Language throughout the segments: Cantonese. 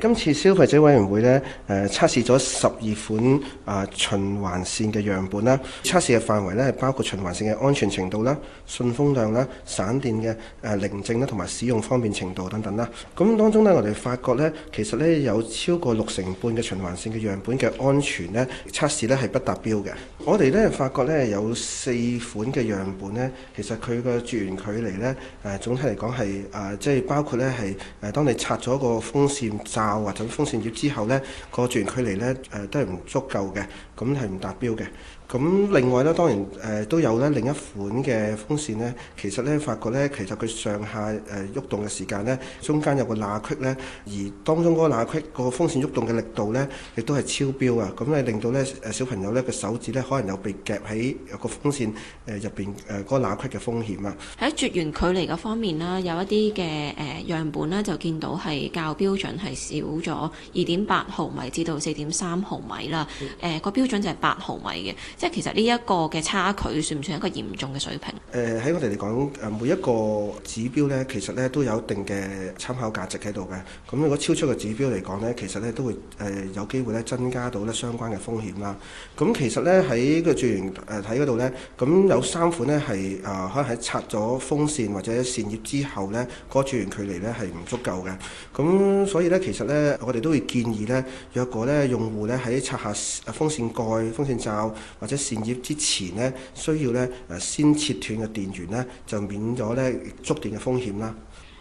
今次消費者委員會咧，誒測試咗十二款啊、呃、循環扇嘅樣本啦。測試嘅範圍咧係包括循環扇嘅安全程度啦、順風量啦、省電嘅誒寧靜啦，同、呃、埋使用方便程度等等啦。咁當中咧，我哋發覺咧，其實咧有超過六成半嘅循環扇嘅樣本嘅安全咧，測試咧係不達標嘅。我哋咧發覺咧有四款嘅樣本咧，其實佢個絕緣距離咧，誒、呃、總體嚟講係即係包括咧係誒，當你拆咗個風扇或或者風扇葉之後咧，個轉距離咧，誒、呃，都係唔足夠嘅，咁係唔達標嘅。咁另外咧，當然誒、呃、都有咧另一款嘅風扇咧，其實咧發覺咧，其實佢上下誒喐、呃、動嘅時間咧，中間有個罅隙咧，而當中嗰個罅隙個風扇喐動嘅力度咧，亦都係超標啊！咁、嗯、咧令到咧小朋友咧嘅手指咧，可能有被夾喺個風扇誒入邊誒嗰、呃那個罅隙嘅風險啊！喺絕緣距離嘅方面啦，有一啲嘅誒樣本呢，就見到係較標準係少咗二點八毫米至到四點三毫米啦。誒、嗯呃那個標準就係八毫米嘅。即係其實呢一個嘅差距，算唔算一個嚴重嘅水平？誒、呃、喺我哋嚟講，誒每一個指標咧，其實咧都有一定嘅參考價值喺度嘅。咁如果超出嘅指標嚟講咧，其實咧都、呃、會誒有機會咧增加到咧相關嘅風險啦。咁其實咧喺個絕緣誒睇嗰度咧，咁有三款咧係、呃、可能喺拆咗風扇或者扇葉之後咧，嗰、那個絕緣距離咧係唔足夠嘅。咁所以咧，其實咧我哋都會建議咧，若果咧用戶咧喺拆下風扇蓋、風扇罩或者扇葉之前咧，需要咧誒先切斷嘅電源咧，就免咗咧觸電嘅風險啦。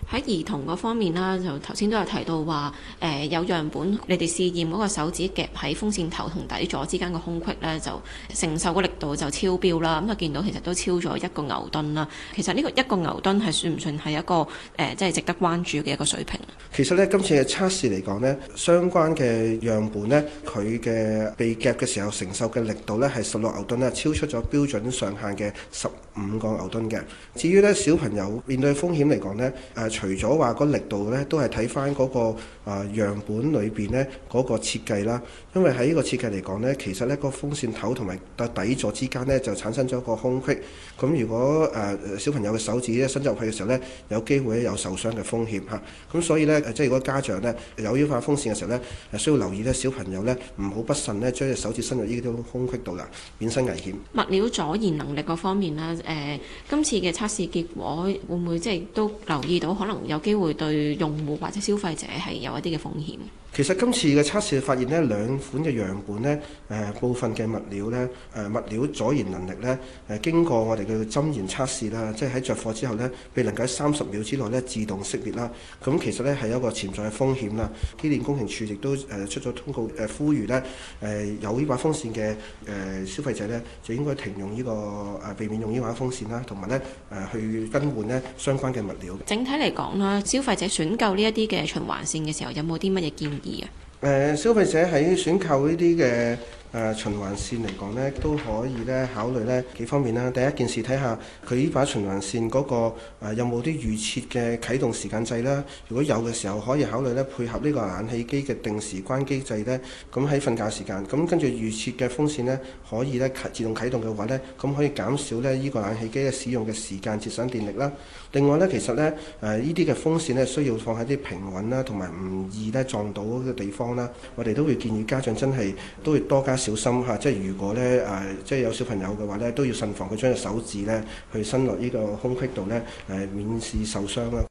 喺兒童個方面啦，就頭先都有提到話，誒、呃、有樣本你哋試驗嗰個手指夾喺風扇頭同底座之間嘅空隙咧，就承受嘅力度就超標啦。咁、嗯、就見到其實都超咗一個牛頓啦。其實呢個一個牛頓係算唔算係一個誒，即、呃、係值得關注嘅一個水平？其實咧，今次嘅測試嚟講呢，相關嘅樣本呢，佢嘅被夾嘅時候承受嘅力度呢，係十六牛頓咧，超出咗標準上限嘅十五個牛頓嘅。至於呢，小朋友面對風險嚟講呢。誒、呃。除咗話個力度咧，都係睇返嗰個啊、呃、樣本裏邊呢，嗰、嗰個設計啦。因為喺呢個設計嚟講呢，其實呢、呢個風扇頭同埋底座之間呢，就產生咗一個空隙。咁如果誒、呃、小朋友嘅手指伸入去嘅時候呢，有機會有受傷嘅風險嚇。咁、啊、所以呢，即係如果家長呢有要發風扇嘅時候呢，誒需要留意呢。小朋友呢，唔好不慎呢將隻手指伸入呢啲空隙度啦，免身危險。物料阻燃能力嗰方面啦，誒、呃、今次嘅測試結果會唔會即係都留意到可能可能有機會對用戶或者消費者係有一啲嘅風險。其實今次嘅測試發現咧，兩款嘅樣本咧，誒、呃、部分嘅物料咧，誒物料阻燃能力咧，誒、呃、經過我哋嘅針焰測試啦，即係喺着火之後咧，未能夠喺三十秒之內咧自動熄滅啦。咁其實咧係一個潛在嘅風險啦。機電工程署亦都誒出咗通告誒、呃、呼籲咧誒有呢把風扇嘅誒、呃、消費者咧，就應該停用呢、這個誒避免用呢把風扇啦，同埋咧誒去更換咧相關嘅物料。整體嚟嚟講啦，消費者選購呢一啲嘅循環扇嘅時候，有冇啲乜嘢建議啊？誒，消費者喺選購呢啲嘅。誒、呃、循環扇嚟講呢都可以呢考慮呢幾方面啦。第一件事睇下佢把循環扇嗰、那個、呃、有冇啲預設嘅啟動時間掣啦。如果有嘅時候，可以考慮呢配合呢個冷氣機嘅定時關機掣呢。咁喺瞓覺時間，咁跟住預設嘅風扇呢，可以呢自動啟動嘅話呢，咁可以減少呢呢、這個冷氣機嘅使用嘅時間，節省電力啦。另外呢，其實呢呢啲嘅風扇呢，需要放喺啲平穩啦，同埋唔易呢撞到嘅地方啦。我哋都會建議家長真係都會多加。小心吓，即係如果咧誒、啊，即係有小朋友嘅話咧，都要慎防佢將隻手指咧，去伸落呢個空隙度咧，誒、啊，免至受傷啦、啊。